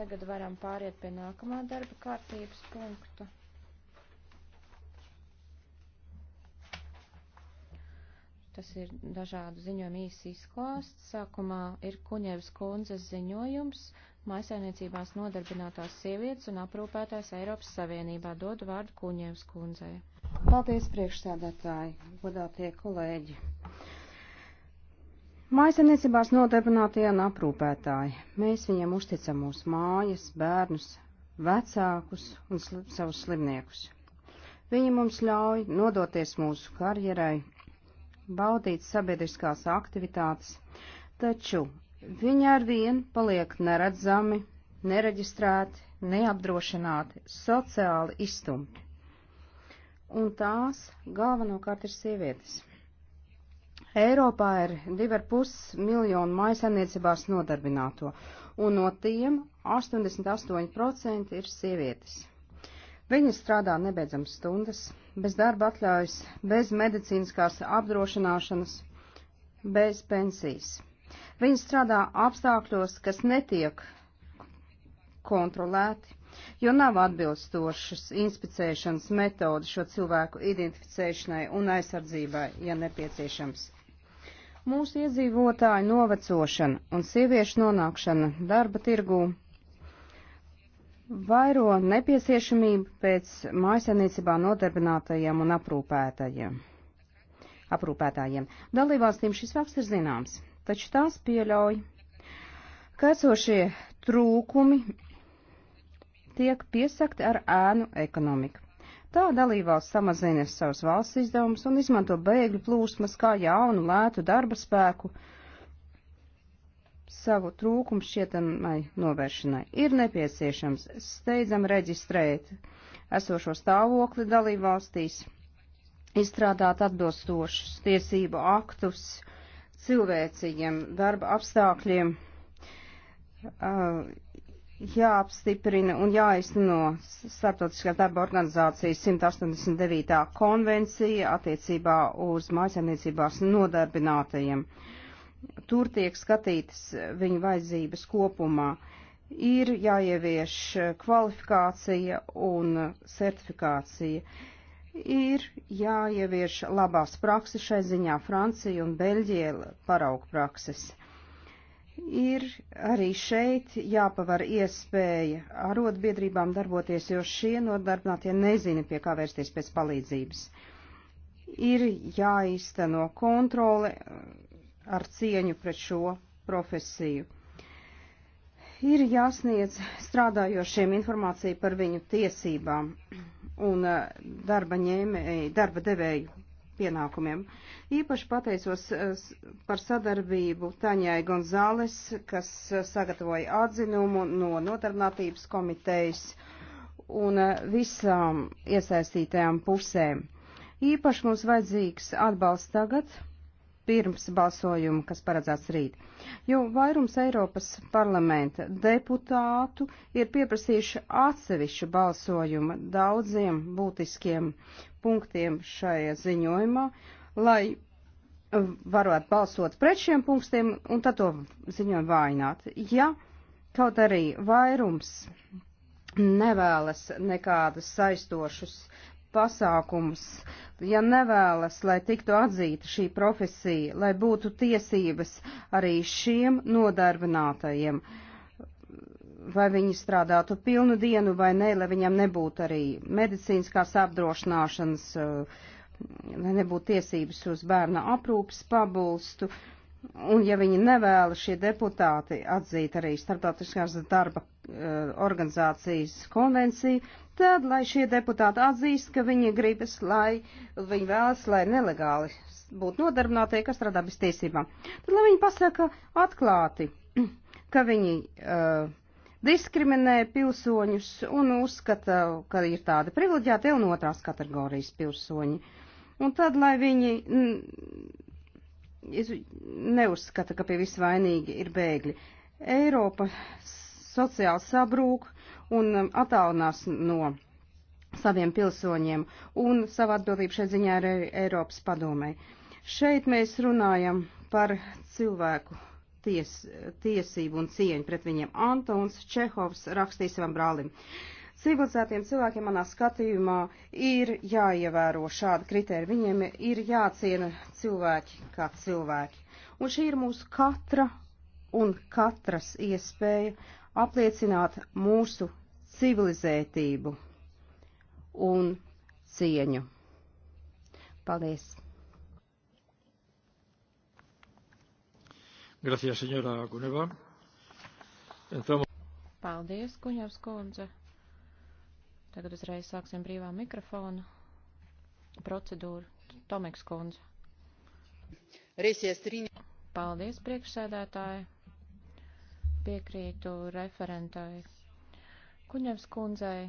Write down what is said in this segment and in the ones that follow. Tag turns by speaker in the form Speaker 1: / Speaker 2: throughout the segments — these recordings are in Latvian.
Speaker 1: tagad varam pāriet pie nākamā darba kārtības punkta. Tas ir dažādu ziņojumu īsi izklāsts. Sākumā ir Kuņevs kundzes ziņojums Maisainiecībās nodarbinātās sievietes un aprūpētājs Eiropas Savienībā dodu vārdu
Speaker 2: Kuņevs kundzei. Paldies priekšsēdētāji, godātie kolēģi! Mājasemniecībās nodarbinātie un aprūpētāji. Mēs viņiem uzticam mūsu mājas, bērnus, vecākus un sl savus slimniekus. Viņi mums ļauj nodoties mūsu karjerai, baudīt sabiedriskās aktivitātes, taču viņi ar vien paliek neredzami, nereģistrēti, neapdrošināti, sociāli izstumti. Un tās galvenokārt ir sievietes. Eiropā ir 2,5 miljonu maisaimniecībās nodarbināto, un no tiem 88% ir sievietes. Viņi strādā nebeidzams stundas, bez darba atļaujas, bez medicīniskās apdrošināšanas, bez pensijas. Viņi strādā apstākļos, kas netiek kontrolēti, jo nav atbilstošas inspicēšanas metodas šo cilvēku identificēšanai un aizsardzībai, ja nepieciešams. Mūsu iedzīvotāju novecošana un sieviešu nonākšana darba tirgū vairo nepieciešamību pēc mājasainīcībā nodarbinātajiem un aprūpētajiem. aprūpētājiem. Dalībvalstīm šis fakts ir zināms, taču tās pieļauj, ka esošie trūkumi tiek piesakti ar ēnu ekonomiku. Tā dalībvalsts samazina savus valsts izdevumus un izmanto bēgļu plūsmas kā jaunu lētu darba spēku savu trūkumu šietamai novēršanai. Ir nepieciešams steidzam reģistrēt esošo stāvokli dalībvalstīs, izstrādāt atbilstošus tiesību aktus cilvēcīgiem darba apstākļiem. Uh, jāapstiprina un jāizteno Startautiskā darba organizācijas 189. konvencija attiecībā uz mājasemniecībās nodarbinātajiem. Tur tiek skatītas viņu vajadzības kopumā. Ir jāievieš kvalifikācija un certifikācija. Ir jāievieš labās prakses šai ziņā Francija un Beļģija paraugu prakses. Ir arī šeit jāpavar iespēja arotbiedrībām darboties, jo šie nodarbinātie nezina, pie kā vērsties pēc palīdzības. Ir jāizteno kontrole ar cieņu pret šo profesiju. Ir jāsniedz strādājošiem informācija par viņu tiesībām un eh, darba, ņēmēju, darba devēju pienākumiem. Īpaši pateicos eh, par sadarbību Taņai Gonzāles, kas eh, sagatavoja atzinumu no notarbinātības komitejas un eh, visām iesaistītajām pusēm. Īpaši mums vajadzīgs atbalsts tagad, pirms balsojuma, kas paredzēts rīt. Jo vairums Eiropas parlamenta deputātu ir pieprasījuši atsevišķu balsojumu daudziem būtiskiem punktiem šajā ziņojumā, lai varētu balsot pret šiem punktiem un tad to ziņojumu vājināt. Ja kaut arī vairums nevēlas nekādas saistošas pasākumus, ja nevēlas, lai tiktu atzīta šī profesija, lai būtu tiesības arī šiem nodarbinātajiem. Uh, vai viņi strādātu pilnu dienu vai nē, lai viņam nebūtu arī medicīniskās apdrošināšanas, eh, lai nebūtu tiesības uz bērna aprūpas pabalstu. Un ja viņi nevēla šie deputāti atzīt arī starptautiskās darba eh, organizācijas konvenciju, tad, lai šie deputāti atzīst, ka viņi gribas, lai viņi vēlas, lai nelegāli būtu nodarbinātie, kas strādā bez tiesībām, tad, lai viņi pasaka atklāti, ka viņi uh, diskriminē pilsoņus un uzskata, ka ir tādi privileģēti un otrās kategorijas pilsoņi. Un tad, lai viņi neuzskata, ka pie visvainīgi ir bēgļi. Eiropa sociāli sabrūk un um, attālinās no saviem pilsoņiem, un savu atbildību šai ziņā arī Eiropas padomē. Šeit mēs runājam par cilvēku ties, tiesību un cieņu pret viņiem. Antons Čehovs rakstīja savam brālim. Civilizētiem cilvēkiem manā skatījumā ir jāievēro šādi kriteri. Viņiem ir jāciena cilvēki kā cilvēki. Un šī ir mūsu katra un katras iespēja apliecināt mūsu civilizētību un cieņu. Paldies!
Speaker 3: Gracias, señora Kuneva. Entramos.
Speaker 1: Paldies, Kuņevs kundze. Tagad uzreiz sāksim brīvā mikrofona procedūru. Tomeks kundze. Paldies, priekšsēdētāji. Piekrītu referentai. Kuņevs kundzei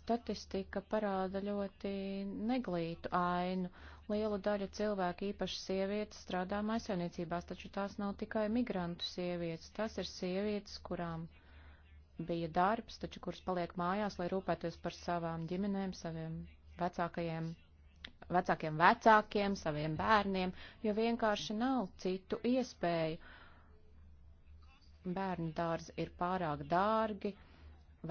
Speaker 1: statistika parāda ļoti neglītu ainu Liela daļa cilvēku, īpaši sievietes, strādā maisainiecībās, taču tās nav tikai migrantu sievietes, tas ir sievietes, kurām bija darbs, taču kuras paliek mājās, lai rūpētos par savām ģimenēm, saviem vecākajiem, vecākiem vecākiem, saviem bērniem, jo vienkārši nav citu iespēju. Bērnu dārzi ir pārāk dārgi,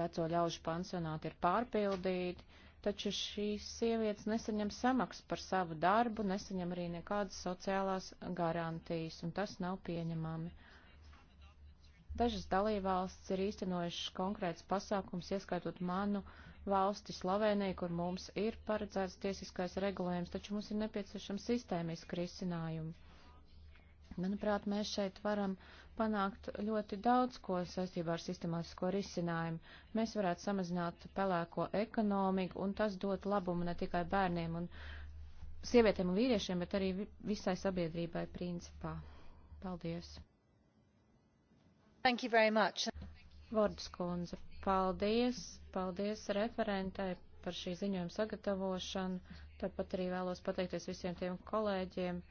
Speaker 1: veco ļaužu pansionāti ir pārpildīti, taču šīs sievietes nesaņem samaksu par savu darbu, nesaņem arī nekādas sociālās garantijas, un tas nav pieņemami. Dažas dalībvalstis ir īstenojušas konkrēts pasākums, ieskaitot manu valsti Sloveniju, kur mums ir paredzēts tiesiskais regulējums, taču mums ir nepieciešams sistēmiski risinājumi. Manuprāt, mēs šeit varam panākt ļoti daudz, ko saistībā ar sistemātisko risinājumu. Mēs varētu samazināt pelēko ekonomiku, un tas dot labumu ne tikai bērniem un sievietēm un vīriešiem, bet arī visai sabiedrībai principā. Paldies!
Speaker 3: Thank you very much.
Speaker 1: Vordas kundze, paldies! Paldies referentai par šī ziņojuma sagatavošanu. Tāpat arī vēlos pateikties visiem tiem kolēģiem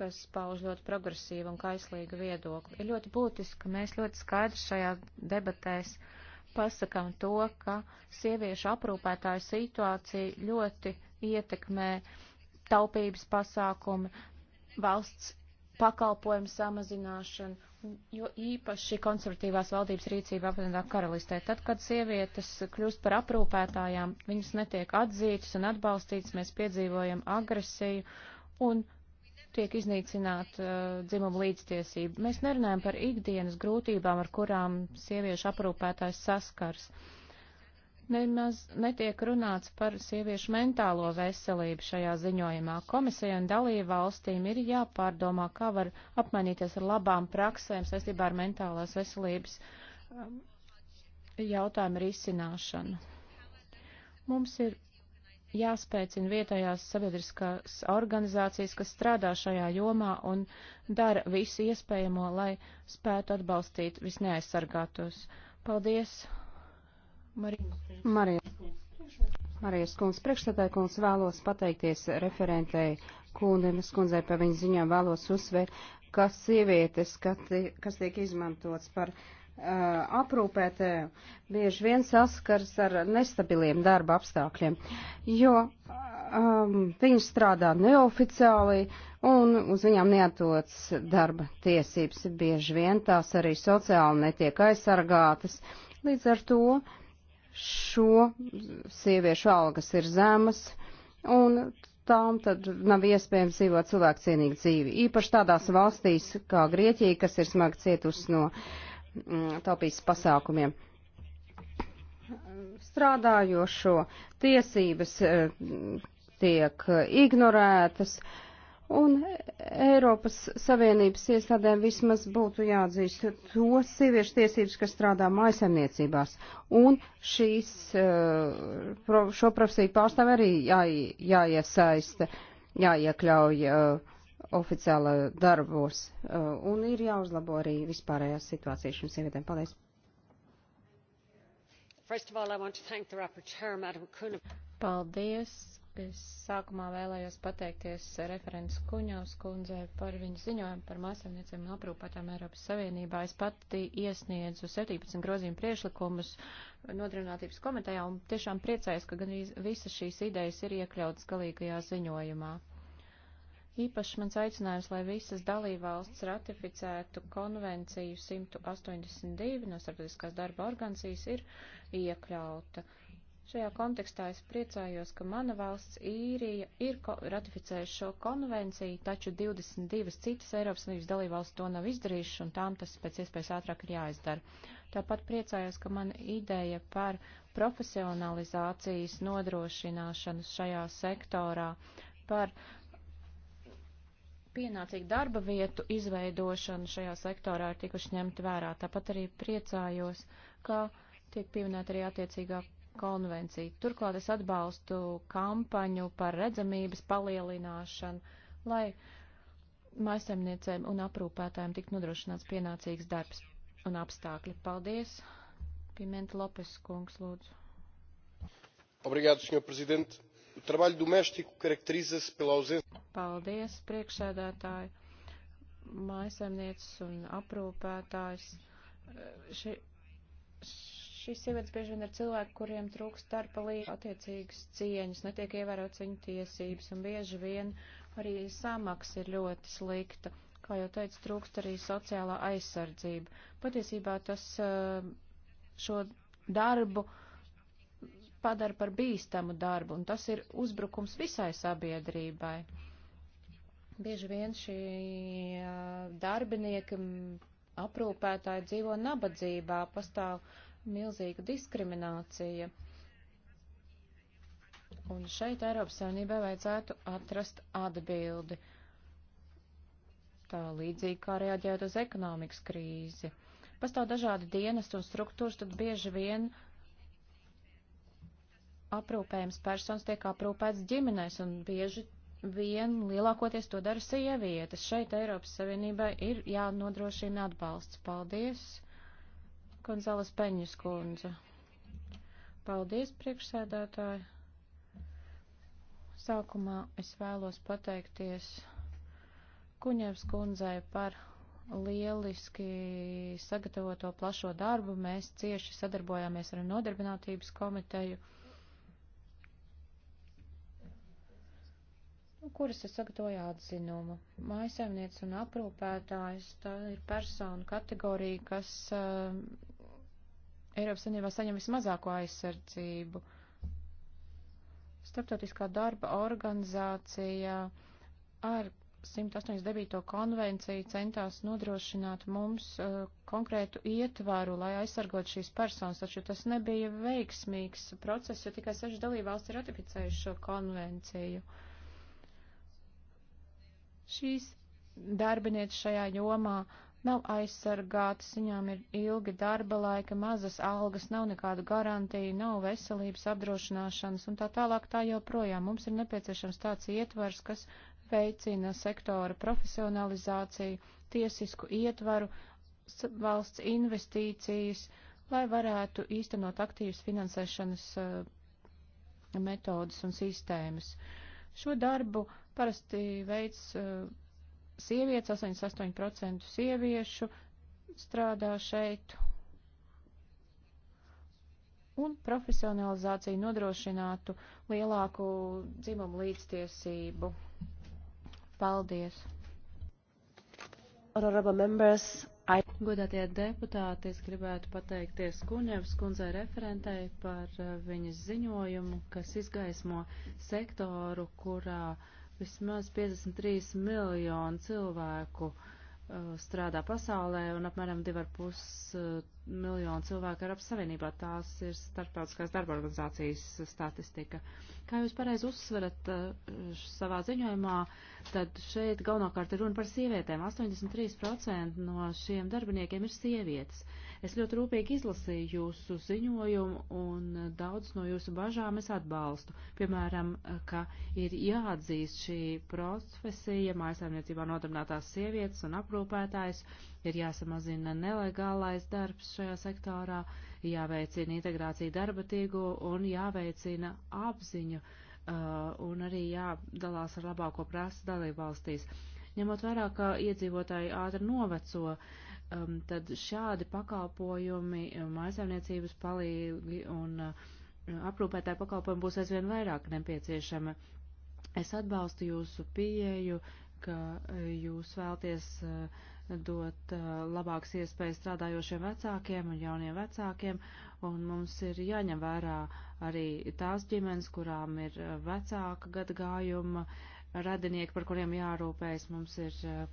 Speaker 1: kas pauž ļoti progresīvu un kaislīgu viedokli. Ir ļoti būtiski, ka mēs ļoti skaidri šajā debatēs pasakām to, ka sieviešu aprūpētāju situācija ļoti ietekmē taupības pasākumi, valsts pakalpojumu samazināšanu, jo īpaši konservatīvās valdības rīcība apvienotā karalistē. Tad, kad sievietes kļūst par aprūpētājām, viņas netiek atzītas un atbalstītas, mēs piedzīvojam agresiju un tiek iznīcināta uh, dzimuma līdztiesība. Mēs nerunājam par ikdienas grūtībām, ar kurām sieviešu aprūpētājs saskars. Nemaz netiek runāts par sieviešu mentālo veselību šajā ziņojumā. Komisija un dalība valstīm ir jāpārdomā, kā var apmainīties ar labām praksēm saistībā ar mentālās veselības um, jautājumu risināšanu. Mums ir jāspēcina vietējās sabiedriskās organizācijas, kas strādā šajā jomā un dara visu iespējamo, lai spētu atbalstīt visneaizsargātos. Paldies! Marijas,
Speaker 2: Marijas. Marijas kundze, priekšstādāja kundze, vēlos pateikties referentei Kūnenes kundzei par viņas ziņām, vēlos uzsvērt, ka sievietes, kad, kas tiek izmantots par uh, Uh, aprūpēt uh, bieži vien saskars ar nestabiliem darba apstākļiem, jo um, viņi strādā neoficiāli un uz viņām neatots darba tiesības. Bieži vien tās arī sociāli netiek aizsargātas. Līdz ar to šo sieviešu algas ir zemas un tām tad nav iespējams dzīvot cilvēku cienīgu dzīvi. Īpaši tādās valstīs kā Grieķija, kas ir smagi cietusi no uh, Mm, taupīs pasākumiem. Strādājošo tiesības eh, tiek ignorētas, un Eiropas Savienības iestādēm vismaz būtu jāatzīst to sieviešu tiesības, kas strādā mājasemniecībās, un šīs, eh, šo profesiju pārstāv arī jā, jāiesaista, jāiekļauj uh, oficiāla darbos. Uh, un ir jāuzlabo arī vispārējā situācija šīm sievietēm. Paldies!
Speaker 1: Paldies! Es sākumā vēlējos pateikties referents Kuņaus kundzē par viņu ziņojumu par mājasemniecēm un aprūpētām Eiropas Savienībā. Es pati iesniedzu 17 grozījumu priešlikumus nodarbinātības komitejā un tiešām priecājos, ka gan visas šīs idejas ir iekļautas galīgajā ziņojumā. Īpaši mans aicinājums, lai visas dalībvalsts ratificētu konvenciju 182 no starptautiskās darba organizācijas ir iekļauta. Šajā kontekstā es priecājos, ka mana valsts īrija ir ratificējusi šo konvenciju, taču 22 citas Eiropas Savienības dalībvalsts to nav izdarījušas, un tām tas pēc iespējas ātrāk ir jāizdara. Tāpat priecājos, ka mana ideja par profesionalizācijas nodrošināšanu šajā sektorā, par uh, pienācīgu darba vietu izveidošanu šajā sektorā ir tikuši ņemti vērā. Tāpat arī priecājos, ka tiek pieminēta arī attiecīgā konvencija. Turklāt es atbalstu kampaņu par redzamības palielināšanu, lai maisaimniecēm un aprūpētājiem tik nodrošināts pienācīgs darbs un apstākļi. Paldies! Pimenta Lopes kungs, lūdzu.
Speaker 3: Obrigado, senhor presidente
Speaker 1: o trabalho doméstico caracteriza-se pela ausência. Paldies, priekšsēdētāji, mājasemnieces un aprūpētājs. Eh, ši, šīs sievietes bieži vien ir cilvēki, kuriem trūkst darba līdz attiecīgas cieņas, netiek ievērots viņu tiesības, un bieži vien arī samaksa ir ļoti slikta. Kā jau teicu, trūkst arī sociālā aizsardzība. Patiesībā tas eh, šo darbu uh, padara par bīstamu darbu, un tas ir uzbrukums visai sabiedrībai. Bieži vien šī darbinieki aprūpētāji dzīvo nabadzībā, pastāv milzīga diskriminācija. Un šeit Eiropas Savienībai vajadzētu atrast atbildi. Tā līdzīgi kā reaģēt uz ekonomikas krīzi. Pastāv dažādi dienesti un struktūras, tad bieži vien uh, aprūpējams persons tiek aprūpēts ģimenēs, un bieži vien lielākoties to dara sievietes. Šeit Eiropas Savienībai ir jānodrošina atbalsts. Paldies, Konzalas Peņas kundze. Paldies, priekšsēdētāji. Sākumā es vēlos pateikties Kuņevs kundzei par lieliski sagatavoto plašo darbu. Mēs cieši sadarbojāmies ar Nodarbinātības komiteju. kuras ir sagatavoja atzinumu. Mājasemniec un aprūpētājs tā ir persona kategorija, kas uh, Eiropas Savienībā saņem vismazāko aizsardzību. Starptautiskā darba organizācija ar 189. konvenciju centās nodrošināt mums uh, konkrētu ietvaru, lai aizsargot šīs personas, taču tas nebija veiksmīgs process, jo tikai seši dalībvalsti ir ratificējuši šo konvenciju. Uh, Šīs darbinieces šajā jomā nav aizsargātas, viņām ir ilgi darba laika, mazas algas, nav nekādu garantiju, nav veselības apdrošināšanas un tā tālāk tā joprojām. Mums ir nepieciešams tāds ietvars, kas veicina sektora profesionalizāciju, tiesisku ietvaru, valsts investīcijas, lai varētu īstenot aktīvas finansēšanas eh, metodas un sistēmas. Uh, Šo darbu parasti veids uh, sievietes, 88% sieviešu strādā šeit. Un profesionalizācija nodrošinātu lielāku dzimumu līdztiesību. Paldies!
Speaker 3: Honorable members, Godātie deputāti, es gribētu pateikties Kunevas kundzei referentei par eh, viņas ziņojumu, kas izgaismo sektoru, kurā vismaz 53 miljonu cilvēku uh, strādā pasaulē un apmēram 2,5 miljonu cilvēku Eiropas Savienībā. Tās ir starptautiskās darba organizācijas statistika. Kā jūs pareizi uzsverat eh, savā ziņojumā, tad šeit galvenokārt ir runa par sievietēm. 83% no šiem darbiniekiem ir sievietes. Es ļoti rūpīgi izlasīju jūsu ziņojumu un daudz no jūsu bažām es atbalstu. Piemēram, ka ir jāatzīst šī profesija, mājasēmniecībā nodarbinātās sievietes un aprūpētājs ir jāsamazina nelegālais darbs šajā sektorā, jāveicina integrācija darba tīgu un jāveicina apziņu uh, un arī jādalās ar labāko prasu dalību valstīs. Ņemot vērā, ka iedzīvotāji ātri noveco, um, tad šādi pakalpojumi, mājasēmniecības palīgi un uh, aprūpētāju pakalpojumi būs aizvien vairāk nepieciešami. Es atbalstu jūsu pieeju, ka uh, jūs vēlties uh, dot uh, labākas iespējas strādājošiem vecākiem un jauniem vecākiem, un mums ir jāņem vērā arī tās ģimenes, kurām ir uh, vecāka gadagājuma radinieki, par kuriem jārūpējas. Mums ir uh, uh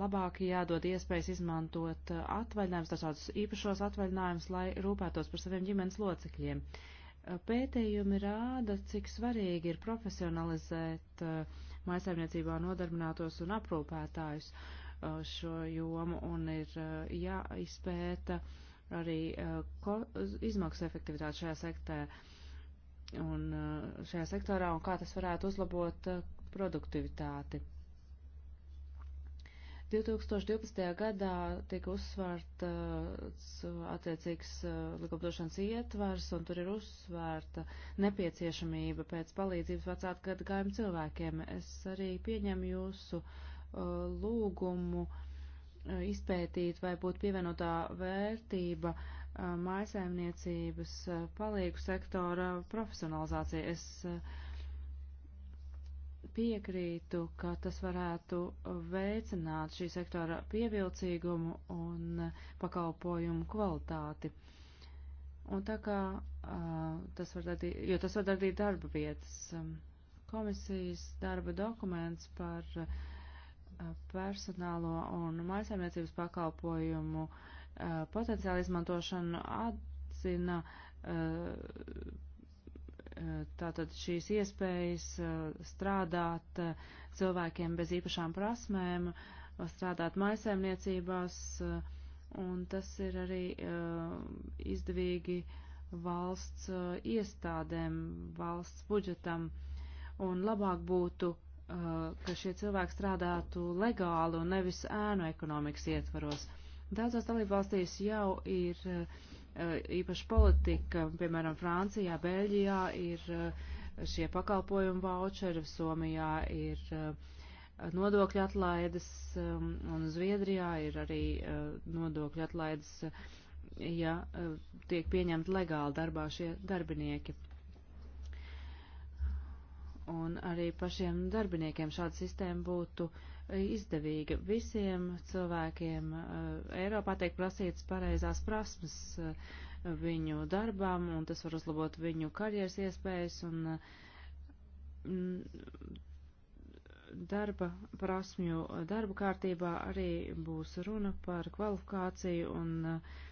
Speaker 3: labāk jādod iespējas izmantot uh, atvaļinājumus, dažādus īpašos atvaļinājumus, lai rūpētos par saviem ģimenes locekļiem. Pētījumi rāda, cik svarīgi ir profesionalizēt maisaimniecībā nodarbinātos un aprūpētājus. Uh, Uh, šo jomu un ir uh, jāizpēta arī uh, izmaksu efektivitāte šajā sektē un šajā sektorā un kā tas varētu uzlabot produktivitāti. 2012. gadā tika uzsvērts attiecīgs likumdošanas ietvars, un tur ir uzsvērta nepieciešamība pēc palīdzības vecāku gadu gājumu cilvēkiem. Es arī pieņemu jūsu uh, Uh, lūgumu uh, izpētīt, vai būtu pievienotā vērtība uh, mājasēmniecības palīgu sektora profesionalizācija. Es piekrītu, ka tas varētu veicināt šī sektora pievilcīgumu un pakalpojumu kvalitāti. Un tā kā tas var radīt, jo tas var radīt darba vietas. Um, komisijas darba dokuments par uh, personālo un maisaimniecības pakalpojumu eh, potenciāli izmantošanu atzina eh, eh, tātad šīs iespējas strādāt cilvēkiem bez īpašām prasmēm, strādāt maisaimniecībās, un tas ir arī izdevīgi valsts iestādēm, valsts budžetam, un labāk būtu Uh, ka šie cilvēki strādātu legāli un nevis ēnu ekonomikas ietvaros. Daudzās dalībvalstīs jau ir uh, īpaši politika, piemēram, Francijā, Beļģijā ir uh, šie pakalpojumu voucheri, Somijā ir nodokļu atlaides um, un Zviedrijā ir arī nodokļu atlaides, ja tiek pieņemti legāli darbā šie darbinieki un arī pašiem darbiniekiem šāda sistēma būtu izdevīga. Visiem cilvēkiem eh, Eiropā tiek prasītas pareizās prasmes eh, viņu darbām, un tas var uzlabot viņu karjeras iespējas un mm, darba prasmju darba kārtībā arī būs runa par kvalifikāciju un uh,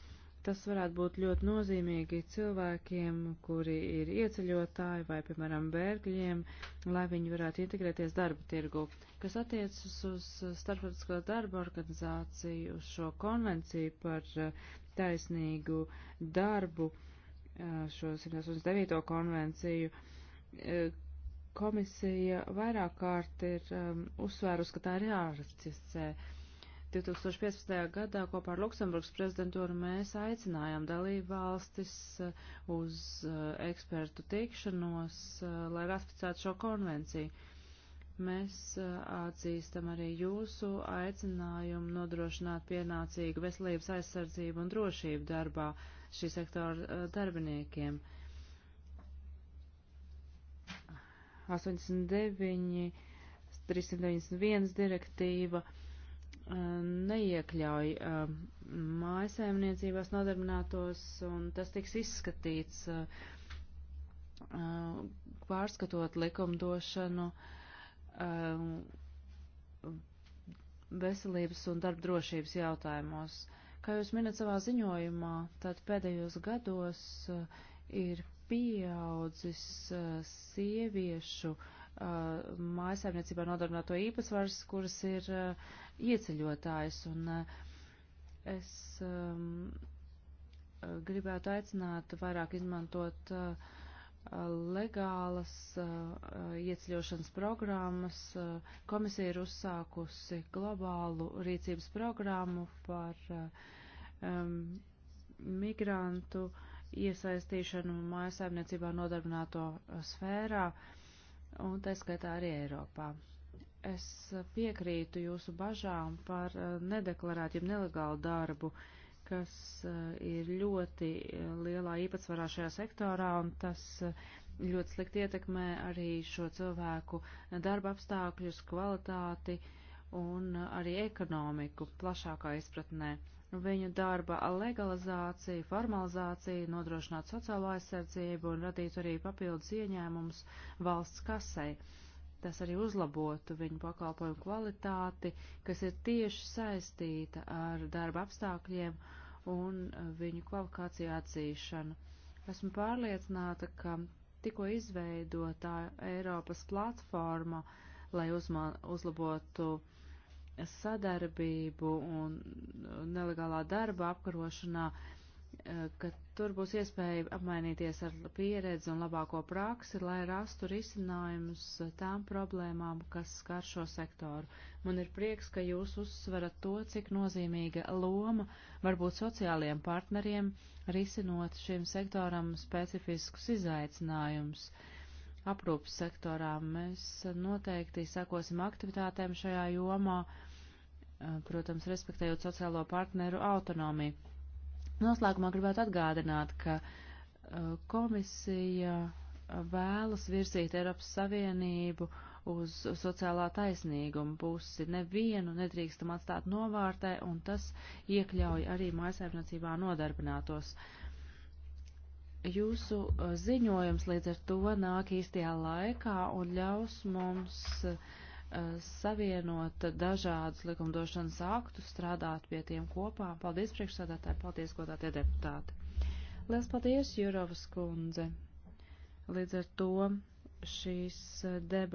Speaker 3: Tas varētu būt ļoti nozīmīgi cilvēkiem, kuri ir ieceļotāji vai, piemēram, bērgļiem, lai viņi varētu integrēties darba tirgu. Kas attiecas uz Starptautisko darba organizāciju, uz šo konvenciju par eh, taisnīgu darbu, eh, šo 189. konvenciju, eh, komisija vairāk kārt ir um, uzsvērus, ka tā ir jāratificē. Uh, 2015. gadā kopā ar Luksemburgas prezidentūru mēs aicinājām dalību valstis uh, uz uh, ekspertu tikšanos, uh, lai ratificētu šo konvenciju. Mēs atzīstam arī jūsu aicinājumu nodrošināt pienācīgu veselības aizsardzību un drošību darbā šī sektora darbiniekiem. 89, 391 direktīva Uh, neiekļauj uh, mājasēmniecībās nodarbinātos, un tas tiks izskatīts uh, pārskatot likumdošanu veselības un darba drošības jautājumos. Kā jūs minat savā ziņojumā, tad pēdējos gados ir pieaudzis sieviešu mājasēmniecībā nodarbināto īpatsvars, kuras ir uh, ieceļotājs. Un eh, es um, eh, gribētu aicināt vairāk izmantot uh, legālas uh, ieceļošanas programmas. Komisija ir uzsākusi globālu rīcības programmu par um, migrantu iesaistīšanu mājasaimniecībā nodarbināto sfērā, un tā skaitā arī Eiropā. Es piekrītu jūsu bažām par eh, nedeklarētiem nelegālu darbu, kas eh, ir ļoti eh, lielā īpatsvarā šajā sektorā, un tas ļoti slikti ietekmē arī šo cilvēku darba apstākļus, kvalitāti un arī ekonomiku plašākā izpratnē. Viņu darba legalizācija, formalizācija nodrošinātu sociālo aizsardzību un radītu arī papildus ieņēmumus valsts kasei tas arī uzlabotu viņu pakalpojumu kvalitāti, kas ir tieši saistīta ar darba apstākļiem un viņu kvalifikāciju atzīšanu. Esmu pārliecināta, ka tikko izveidotā Eiropas platforma, lai uzma, uzlabotu sadarbību un nelegālā darba apkarošanā, Eh, ka tur būs iespēja apmainīties ar pieredzi un labāko praksi, lai rastu risinājumus tām problēmām, kas skar šo sektoru. Man ir prieks, ka jūs uzsverat to, cik nozīmīga loma var būt sociālajiem partneriem, risinot šim sektoram specifiskus izaicinājumus. Aprūpas sektorā mēs noteikti sekosim aktivitātēm šajā jomā, eh, protams, respektējot sociālo partneru autonomiju. Noslēgumā gribētu atgādināt, ka uh, komisija vēlas virzīt Eiropas Savienību uz sociālā taisnīguma pusi. Nevienu nedrīkstam atstāt novārtē, un tas iekļauj arī mājasēmniecībā nodarbinātos. Jūsu uh, ziņojums līdz ar to nāk īstajā laikā un ļaus mums uh, Eh, savienot dažādus likumdošanas aktus, strādāt pie tiem kopā. Paldies priekšsādātāji, paldies godātie deputāti. Lielas paldies, Jurovas kundze. Līdz ar to šīs debatas.